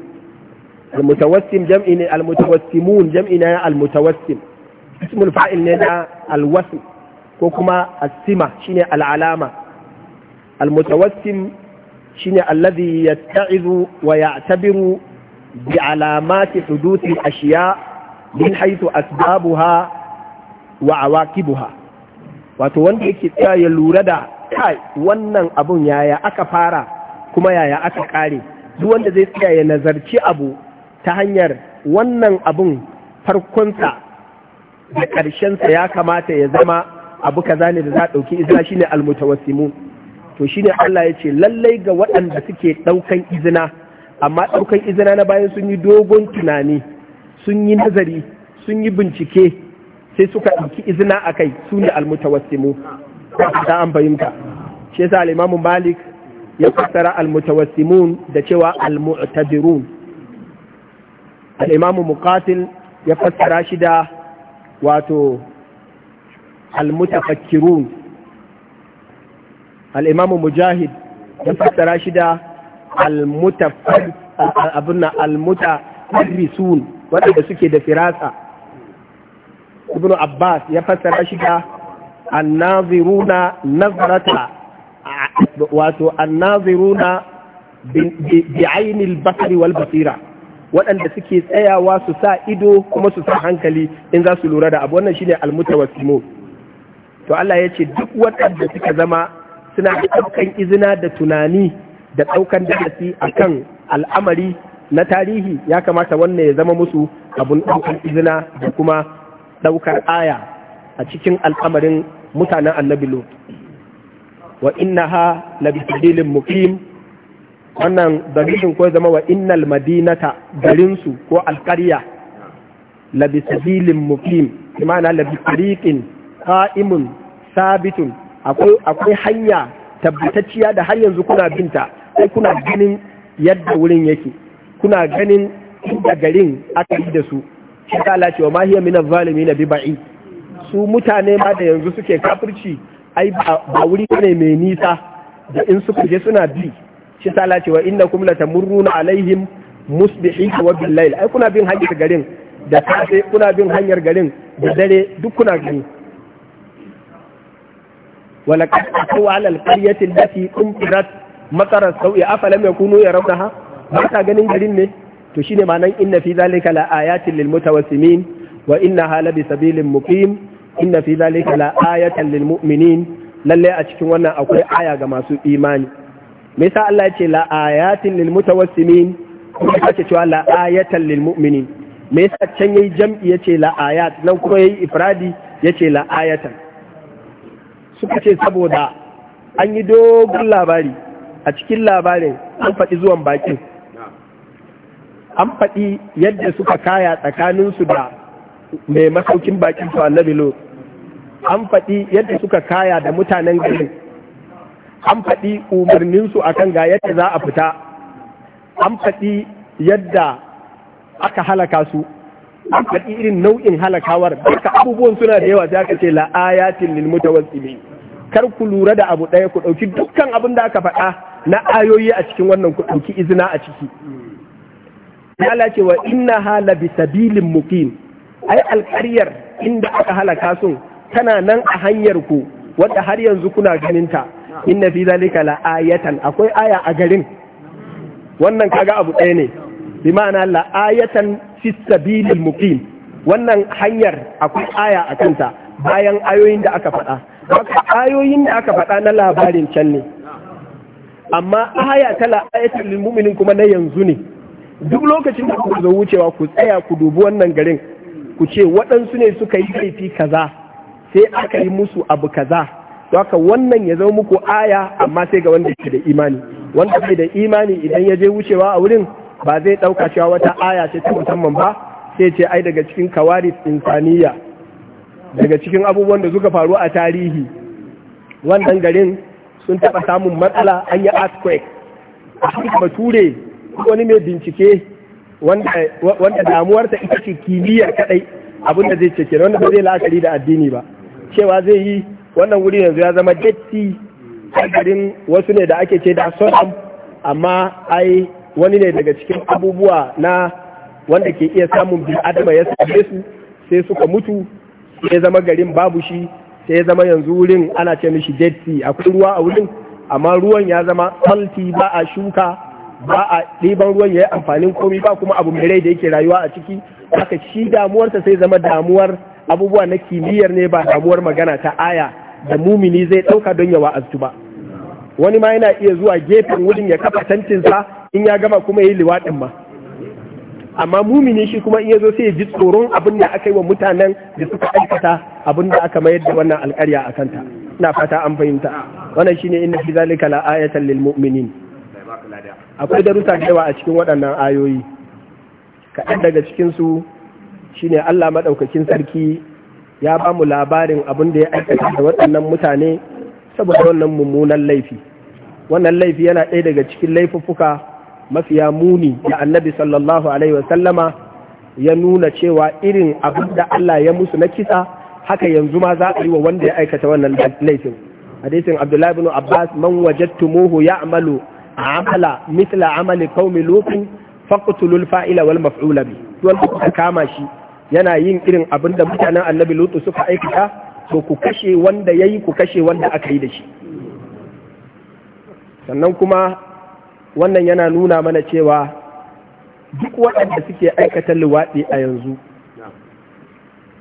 al mutawassim jam'i ne al mutawassimun jam'i ne al mutawassim ismul fa'il ne na al wasm ko kuma asima ne al'alama almutawassim shine alladhi yatta'izu wa ya'tabiru bi alamati huduthi ashiya min haythu asbabuha wa awaqibuha wato wanda yake tsaya ya lura da kai wannan abun yaya aka fara kuma yaya aka kare duk wanda zai tsaya ya nazarci abu ta hanyar wannan abun farkonsa da ƙarshensa ya kamata ya zama abu kaza ne da za a ɗauki izina shine almutawassimu to shine Allah ya ce lallai ga waɗanda suke ɗaukan izina amma ɗaukan izina na bayan sun yi dogon tunani sun yi nazari sun yi bincike sai suka ɗauki izina akai, kai su ne almutawassimu ta an fahimta shi yasa al malik ya fassara almutawassimun da cewa almu'tadirun al imam muqatil ya fassara shi da wato Fakirun al'imamu mujahid ya fassara shi da almutafarrisun waɗanda suke da firasa ibn abbas ya fassara shi da annaziruna nazarata wato annaziruna bi ainil basari wal basira waɗanda suke tsayawa su sa ido kuma su sa hankali in za su lura da abu wannan shine almutawassimun to Allah ya ce duk waɗanda suka zama suna ɗaukan izina da tunani da ɗaukan darasi kan al'amari na tarihi ya kamata wannan ya zama musu abun ɗaukan izina da kuma ɗaukar aya a cikin al'amarin mutanen annabi Lut. Wa inna ha labi sabilin mukim wannan dalilin ko zama wa innal madinata garinsu ko alƙarya labi mukim imana labi tariqin sabitun akwai hanya tabbatacciya da har yanzu kuna binta sai kuna ganin yadda wurin yake kuna ganin inda garin aka yi da su shi ta lace wa mahiyar minar zalimi na biba'i su mutane ma da yanzu suke kafirci ai ba wuri ne mai nisa da in suka je suna bi shi ta lace wa inna kuma ta murruna alaihim musbihi wa billahi ai kuna bin hanyar garin da safe kuna bin hanyar garin da dare duk kuna gani ولقد أتوا على القرية التي أمطرت مطر السوء أفلم يكونوا يرونها ba ta ganin garin ne to shine ma'anan inna fi zalika la ayatin lil mutawassimin wa innaha la bi lalle a cikin wannan akwai aya ga masu imani me yasa Allah ya ce la ayatin lil mutawassimin kuma ya ce cewa la ayatan lil me yasa can yayi jam'i yace la ayat nan kuma yayi ifradi yace la suka ce saboda an yi dogon labari a cikin labarin an faɗi zuwan bakin an faɗi yadda suka kaya tsakaninsu da mai masaukin bakin su annabi lo an faɗi yadda suka kaya da mutanen garin an faɗi umarninsu a kan ga yadda za a fita an faɗi yadda aka halaka su an faɗi irin nau'in halakawar duka abubuwan suna da yawa za ka ce la'ayatin lil mutawassimin kar ku lura da abu ɗaya ku ɗauki dukkan abin da aka faɗa na ayoyi a cikin wannan ku ɗauki izina a ciki Allah ce wa inna hala bi sabilin muqim ai alƙaryar inda aka halaka sun tana nan a hanyar ku wadda har yanzu kuna ganinta inna fi zalika la akwai aya a garin wannan kaga abu ɗaya ne bi ma'ana la ayatan fi sabilin muqim wannan hanyar akwai aya a kanta bayan ayoyin da aka faɗa haka ayoyin da aka faɗa na labarin can ne amma aya ta la'ayatul mu'minin kuma na yanzu ne duk lokacin da ku zo wucewa ku tsaya ku dubi wannan garin ku ce waɗansu ne suka yi laifi kaza sai aka yi musu abu kaza haka wannan ya zama muku aya amma sai ga wanda ke da imani wanda ke da imani idan ya je wucewa a wurin ba zai ɗauka cewa wata aya ce ta musamman ba sai ce ai daga cikin kawaris insaniya daga cikin abubuwan da suka faru a tarihi wannan garin sun taɓa samun matsala an yi earthquake a haka bature wani mai bincike wanda damuwarta ita ce kimiyya kadai abin zai cece wanda ba zai la'akari da addini ba cewa zai yi wannan wuri yanzu ya zama detti. a garin wasu ne da ake ce da sodom amma ai wani ne daga cikin abubuwa na wanda ke iya samun Adama ya same su sai suka mutu sai ya zama garin babu shi sai ya zama yanzu wurin ana ce mishi dead sea akwai ruwa a wurin amma ruwan ya zama salty ba a shuka ba a ɗiban ruwan ya yi amfanin komi ba kuma abu mai rai da yake rayuwa a ciki haka shi damuwarsa sai zama damuwar abubuwa na kimiyyar ne ba damuwar magana ta aya da mumini zai ɗauka don ya wa'azu ba wani ma yana iya zuwa gefen wurin ya kafa tantinsa in ya gama kuma ya yi liwaɗin ma amma mumini shi kuma in ya zo sai ya ji tsoron abin da aka yi wa mutanen da suka aikata abin da aka mayar da wannan alƙarya a kanta ina fata an fahimta wannan shine inna fi zalika la ayatan lil mu'minin akwai darussa da yawa a cikin waɗannan ayoyi kaɗan daga cikin su shine Allah madaukakin sarki ya ba mu labarin abin da ya aikata da waɗannan mutane saboda wannan mummunan laifi wannan laifi yana ɗaya daga cikin laifuffuka mafiya muni da annabi sallallahu alaihi wasallama ya nuna cewa irin abin da Allah ya musu na kisa haka yanzu ma za a yi wa wanda ya aikata wannan laifin hadisin abdullahi bin abbas man wajadtumuhu ya'malu amala mithla amali qaumi lutin faqtulul fa'ila wal maf'ula bi wanda kuka kama shi yana yin irin abin da mutanen annabi lutu suka aikata to ku kashe wanda yayi ku kashe wanda aka yi da shi sannan kuma wannan yana nuna mana cewa duk waɗanda suke aikata luwaɗi a yanzu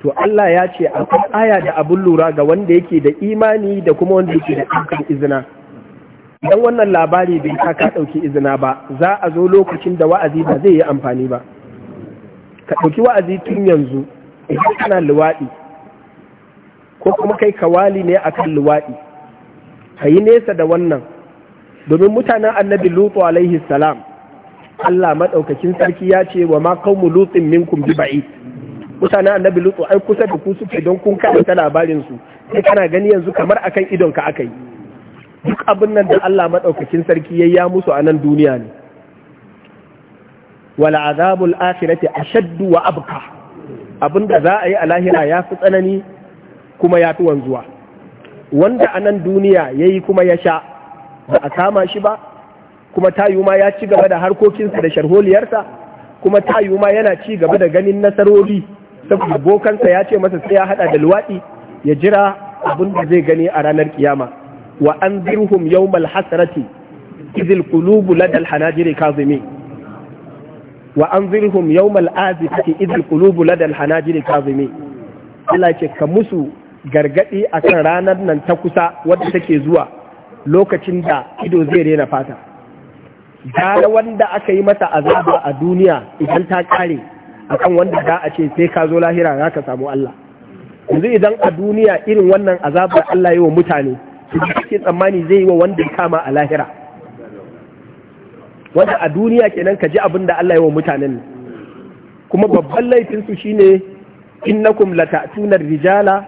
to Allah ya ce akwai aya da abin lura ga wanda yake da imani da kuma wanda yake da ɗaukar izina Idan wannan labari bai sa ka ɗauki izina ba za a zo lokacin da wa'azi ba zai yi amfani ba ka ɗauki wa'azi tun yanzu idan kana luwaɗi ko kuma kai kawali ne akan luwaɗi ka yi nesa da wannan domin mutanen annabi lutu alaihi salam Allah maɗaukakin sarki ya ce wa ma mu lutsin minkum bi mutanen annabi lutu ai kusa da ku suke don kun karanta labarin su sai kana gani yanzu kamar akan idon ka akai duk abin nan da Allah maɗaukakin sarki ya ya musu a nan duniya ne wal azabul akhirati ashaddu wa abqa abinda za a yi a lahira ya fi tsanani kuma ya fi wanzuwa wanda a nan duniya ya yi kuma ya sha ba a kama shi ba kuma ta ma ya ci gaba da harkokinsa da sharholiyarsa kuma ta ma yana ci gaba da ganin nasarori saboda bokansa ya ce masa sai ya hada da luwaɗi ya jira abin da zai gani a ranar kiyama wa an zirhum yawmal hasrati izil qulubu ladal hanajiri kazimi wa an zirhum yawmal azifati izil qulubu ladal hanajiri kazimi Allah ce ka musu gargadi akan ranar nan ta kusa wadda take zuwa lokacin da ido zai rena fata gara wanda aka yi mata azaba a duniya idan ta kare akan wanda za a ce sai ka zo lahira za ka samu Allah yanzu idan a duniya irin wannan azabar Allah yi wa mutane su ji kake tsammani zai yi wa wanda ya kama a lahira wanda a duniya kenan ka ji abin da Allah yi wa mutanen kuma babban laifinsu shine innakum lata'tuna rijala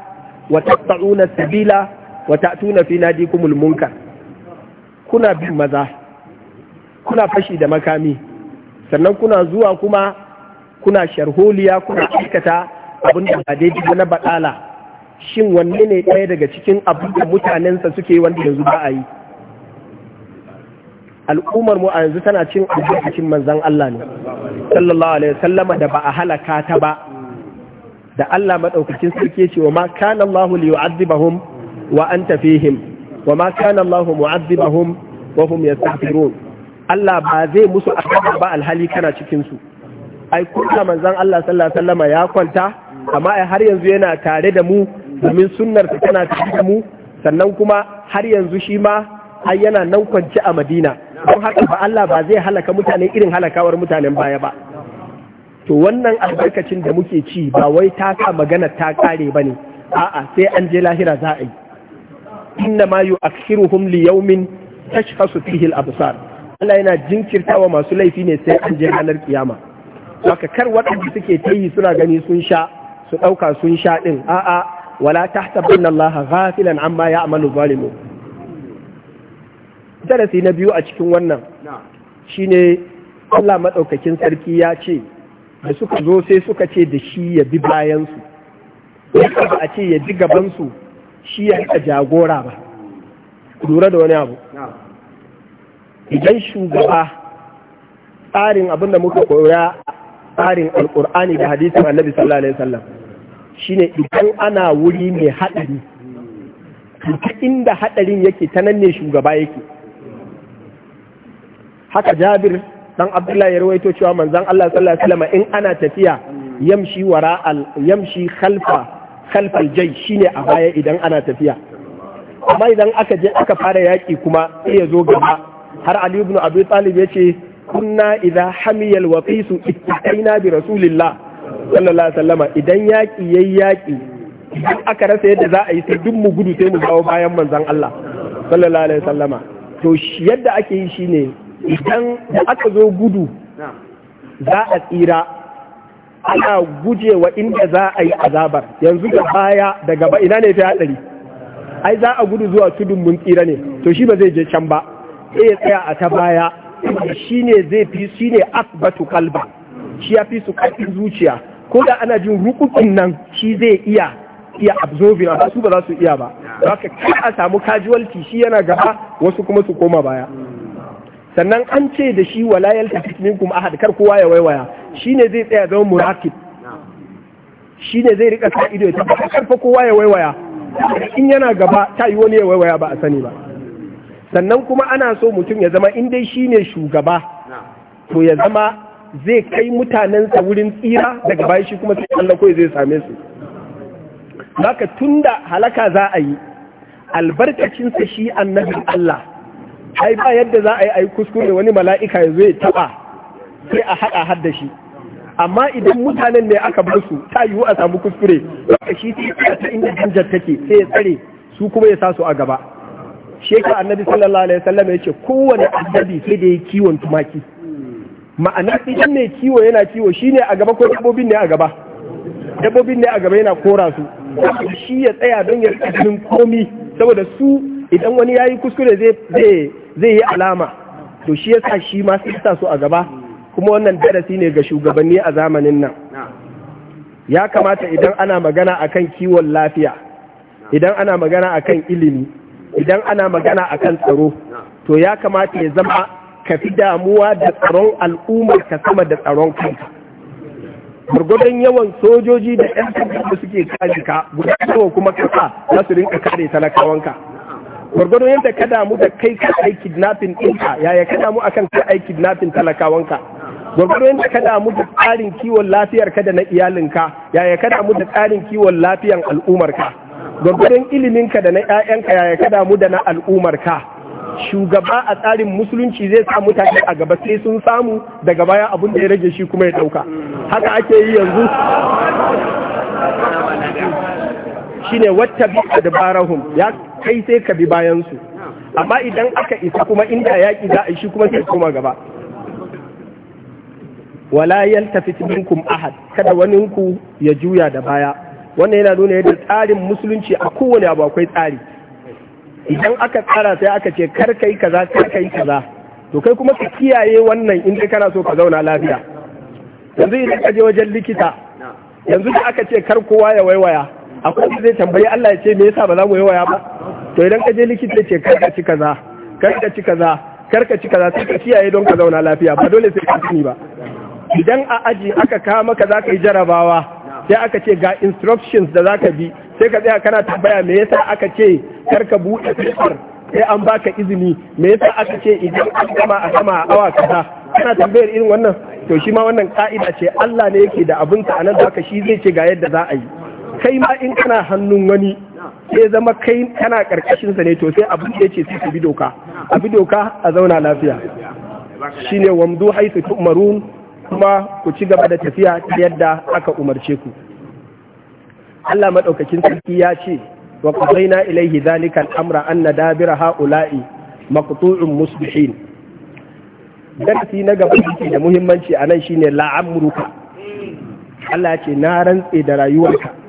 wa taqta'una sabila wa ta'tuna fi nadikumul munkar kuna bin maza kuna fashi da makami sannan kuna zuwa kuma kuna sharholiya kuna aikata abin da ba daidai na baɗala shin wanne ne ɗaya daga cikin abin da mutanensa suke wanda yanzu ba a yi al'ummar mu a yanzu tana cin albarkacin manzan Allah ne sallallahu alaihi wasallama da ba a halaka ta ba da Allah maɗaukacin sarki ya ce wa ma kana Allahu li yu'adhibahum wa anta fihim wa ma kana Allah mu'azzibahum wa hum yastaghfirun Allah ba zai musu azaba ba alhali kana cikin su ai kunta manzon Allah sallallahu alaihi wasallama ya kwanta amma ai har yanzu yana tare da mu domin sunnar ta tana tare da mu sannan kuma har yanzu shi ma ai yana nan kwance a Madina don haka ba Allah ba zai halaka mutane irin halakawar mutanen baya ba to wannan albarkacin da muke ci ba wai ta ka magana ta kare bane a'a sai an je lahira za a yi inna ma yu'akhiruhum tashka su fi fihi absar Allah yana jinkirtawa masu laifi ne sai an je ranar kiyama haka kar waɗanda suke ta yi suna gani sun sha su ɗauka sun sha ɗin a'a wala tabbin Allah ghafilan amma amalu zalimun darasi na biyu a cikin wannan shine Allah maɗaukakin sarki ya ce da suka zo sai suka ce da shi ya bi bayansu. Ya a ce ya ji gabansu shi ya rika jagora ba lura da wani abu idan shugaba tsarin abin da muka koya tsarin alƙur'ani da hadisin annabi sallallahu alaihi wasallam shine idan ana wuri mai haɗari ta inda haɗarin yake ta nan ne shugaba yake haka jabir dan abdullahi ya rawaito cewa manzon Allah sallallahu alaihi wasallam in ana tafiya yamshi wara yamshi khalfa kalfal jai shine a baya idan ana tafiya amma idan aka je aka fara yaƙi kuma iya zo gaba har ali ibn abi talib ya ce kunna idza su ita ittaqaina bi rasulillah sallallahu alaihi wasallama idan yaƙi yayi yaƙi idan aka rasa yadda za a yi sai duk mu gudu sai mu dawo bayan manzon Allah sallallahu alaihi wasallama to yadda ake yi shine idan da aka zo gudu za a tsira ana gujewa inda za a yi azabar yanzu da baya da gaba ina ne fi hatsari ai za a gudu zuwa tudun mun tsira ne to shi ba zai je can ba sai ya tsaya a ta baya shi ne zai fi shi ne asbatu kalba shi ya fi su karfin zuciya ko da ana jin rukukin nan shi zai iya iya absorbing amma su ba za su iya ba haka kai a samu casualty shi yana gaba wasu kuma su koma baya sannan an ce da shi wala yaltafit minkum ahad kar kowa ya waiwaya shine zai tsaya zama murakib shine zai rika sa ido ya tabbata kar fa kowa ya waiwaya in yana gaba ta yi wani ya waiwaya ba a sani ba sannan kuma ana so mutum ya zama in dai shine shugaba to ya zama zai kai mutanensa wurin tsira daga bayan shi kuma sai Allah kawai zai same su haka tunda halaka za a yi albarkacinsa shi annabin Allah ai ba yadda za a yi ai kuskure wani mala'ika ya zo ya taba sai a haɗa har da shi amma idan mutanen ne aka bar su ta yiwu a samu kuskure shi ta inda danjar take sai ya tsare su kuma ya sa su a gaba shekar annabi sallallahu alaihi wasallam ya ce kowane annabi sai da ya kiwon tumaki ma'ana idan mai kiwo yana kiwo shine a gaba ko dabbobin ne a gaba dabbobin ne a gaba yana kora su shi ya tsaya don ya ganin komi saboda su idan wani yayi kuskure zai zai yi alama to shi yasa shi ma sai sa su a gaba kuma wannan darasi ne ga shugabanni a zamanin nan ya kamata idan ana magana akan kiwon lafiya idan ana magana akan ilimi idan ana magana akan tsaro to ya kamata ya zama ka fi damuwa da tsaron al'umma ka sama da tsaron kanka gwargwadon yawan sojoji da 'yan da suke kare ka guda kuma kasa za su rinka kare talakawanka gwargwado yadda ka damu da kai ka ai kidnapping ɗinka yaya ka damu akan ka ai kidnapping talakawanka gwargwado yadda ka damu da tsarin kiwon lafiyar ka da na iyalinka yaya ka damu da tsarin kiwon lafiyan al'umarka gwargwadon iliminka da na 'ya'yanka yaya ka damu da na al'umarka shugaba a tsarin musulunci zai sa mutane a gaba sai sun samu daga baya abin da ya rage shi kuma ya ɗauka haka ake yi yanzu shine wata bi adbarahum ya kai sai ka bi bayansu amma idan aka isa kuma inda yaƙi za a shi kuma sai kuma gaba wala yaltafit minkum ahad kada waninku ya juya da baya wannan yana nuna yadda tsarin musulunci a kowane abu akwai tsari idan aka tsara sai aka ce kar kai kaza kar kai kaza to kai kuma ka kiyaye wannan in dai kana so ka zauna lafiya yanzu idan ka je wajen likita yanzu da aka ce kar kowa ya waiwaya akwai zai tambayi Allah ya ce me yasa ba za mu yi waya ba to idan ka je likita ce kar ka ci kaza kar ka ci kaza kar ka ci kaza sai ka kiyaye don ka zauna lafiya ba dole sai ka sani ba idan a aji aka kawo maka za ka yi jarabawa sai aka ce ga instructions da za ka bi sai ka tsaya kana tambaya me yasa aka ce kar ka buɗe fitar. sai an baka izini me yasa aka ce idan an gama a sama a awa kaza kana tambayar irin wannan to shi ma wannan ka'ida ce Allah ne yake da abinka anan zaka shi zai ce ga yadda za a yi kai ma in kana hannun wani sai zama kai kana karkashin sa ne to sai abin da yace sai bi doka a bi doka a zauna lafiya shine wamdu haisu tu'marun kuma ku ci gaba da tafiya ta yadda aka umarce ku Allah madaukakin sarki ya ce wa qadaina ilayhi dhalika al-amra anna dabira haula'i maqtu'un musbihin darasi na gaba da muhimmanci a anan shine la'amruka Allah ce na rantse da rayuwarka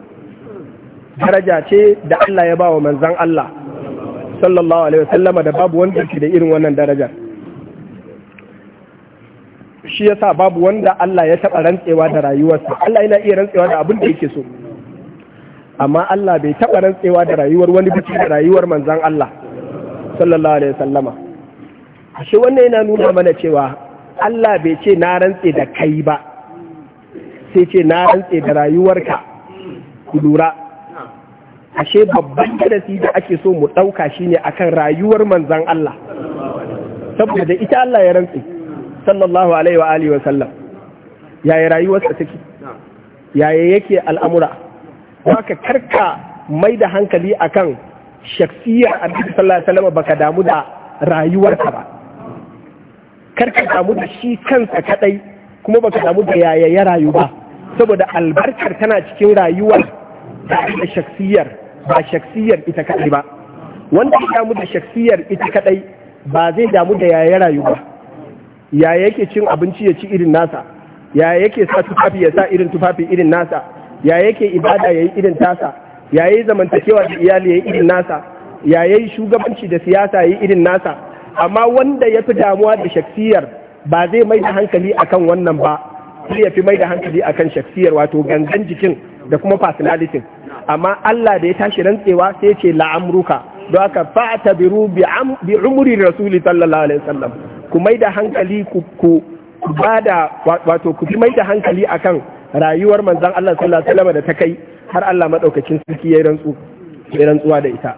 daraja ce da Allah ya ba wa manzan Allah sallallahu alaihi wasallama da babu wanda ke da irin wannan darajar shi yasa babu wanda Allah ya taɓa rantsewa da rayuwarsa Allah yana iya rantsewa da abin da yake so amma Allah bai taɓa rantsewa da rayuwar wani bikin da rayuwar manzan Allah sallallahu alaihi wasallama ashe wannan yana nuna mana cewa Allah bai ce na rantse da kai ba sai ce na rantse da rayuwarka ku lura ashe babban darasi da ake so mu ɗauka shine akan rayuwar manzan Allah saboda ita Allah ya rantsi sallallahu alaihi wa alihi wa sallam yaya rayuwarsa take yaya yake al'amura haka karka mai da hankali akan shaksiyar annabi sallallahu alaihi wa sallam baka damu da rayuwarka ba karka damu da shi kansa kadai kuma baka damu da yaya ya rayu ba saboda albarkar tana cikin rayuwar da shaksiyar ba shaksiyar ita kaɗai ba wanda ya damu da shaksiyar ita kaɗai ba zai damu da yaya rayu ba yaya yake cin abinci ya ci irin nasa yaya yake sa tufafi ya sa irin tufafi irin nasa yaya yake ibada ya yi irin tasa yaya yi zamantakewa da iyali ya yi irin nasa yaya yi shugabanci da siyasa ya yi irin nasa amma wanda ya fi damuwa da shaksiyar ba zai mai da hankali akan wannan ba sai ya fi mai da hankali akan shaksiyar wato gangan jikin da kuma personality amma Allah da ya tashi rantsewa sai ya ce la'amruka don haka biru bi umri rasuli sallallahu alaihi wasallam ku mai da hankali ku ku bada wato ku fi mai da hankali akan rayuwar manzon Allah sallallahu alaihi wasallam da ta kai har Allah madaukakin sarki ya rantsu ya rantsuwa da ita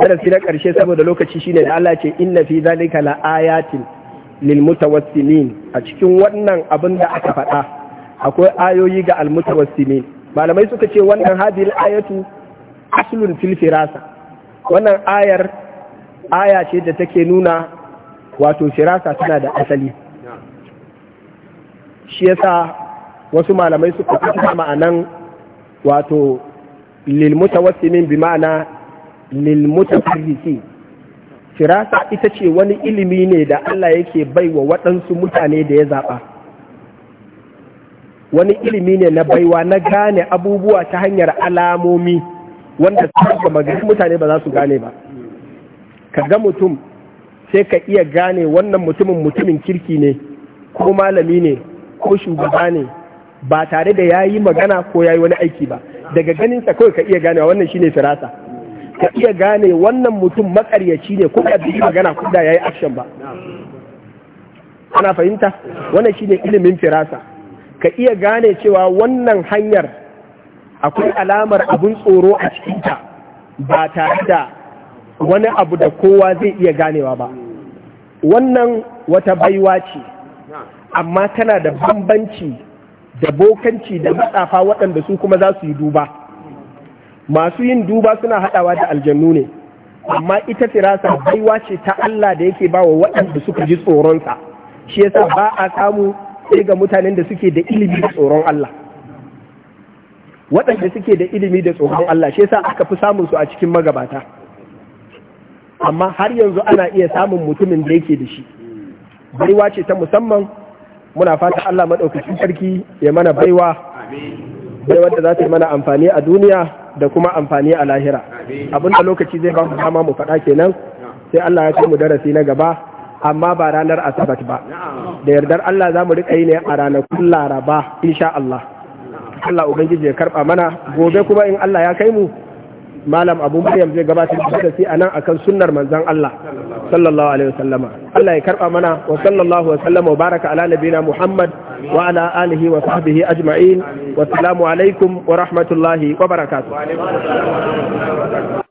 darasi na ƙarshe saboda lokaci shine da Allah ce inna fi zalika la ayatin lil mutawassimin a cikin wannan abin da aka faɗa akwai ayoyi ga almutawassimin malamai suka ce wannan hadil ayatu aslun fil firasa wannan ayar aya ce da take nuna wato firasa tana da asali shi yasa wasu malamai suka kasa ma'anan wato lil mutawassimin bi ma'ana lil mutafarrisi firasa ita ce wani ilimi ne da Allah yake wa waɗansu mutane da ya zaɓa wani ilimi ne na baiwa na gane abubuwa ta hanyar alamomi wanda su magana mutane ba za su gane ba ka ga mutum sai ka iya gane wannan mutumin mutumin kirki ne ko malami ne ko shugaba ne ba tare da ya yi magana ko ya yi wani aiki ba daga ganinsa kawai ka iya ganewa wannan shine firasa ka iya gane wannan mutum makaryaci ne ko da yi magana ko da ya yi action ba ana fahimta wannan shine ilimin firasa ka iya gane cewa wannan hanyar akwai alamar abin tsoro a ta ba tare da wani abu da kowa zai iya ganewa ba wannan wata baiwa ce amma tana da bambanci da bokanci da matsafa waɗanda su kuma za su yi duba masu yin duba suna haɗawa da aljannu ne amma ita firasa baiwa ce ta Allah da yake ba wa waɗanda suka ji tsoronsa shi yasa ba a samu sai ga mutanen da suke da ilimi da tsoron Allah waɗanda suke da ilimi da tsoron Allah shi yasa aka fi samun su a cikin magabata amma har yanzu ana iya samun mutumin da yake da shi baiwa ce ta musamman muna fata Allah maɗaukacin sarki ya mana baiwa baiwa da za ta yi mana amfani a duniya da kuma amfani a lahira Abin da lokaci zai ba mu dama mu faɗa kenan sai Allah ya kai mu darasi na gaba amma ba ranar asabat ba da yardar Allah za mu riƙa yi ne a ranakun laraba insha Allah Allah ubangiji ya karɓa mana gobe kuma in Allah ya kai mu malam abu maryam zai gabatar da shi a nan akan sunnar manzon Allah sallallahu alaihi wasallama Allah ya karɓa mana wa sallallahu wa sallama wa baraka ala nabina Muhammad wa ala alihi wa sahbihi ajma'in wa salamu alaikum wa rahmatullahi wa barakatuh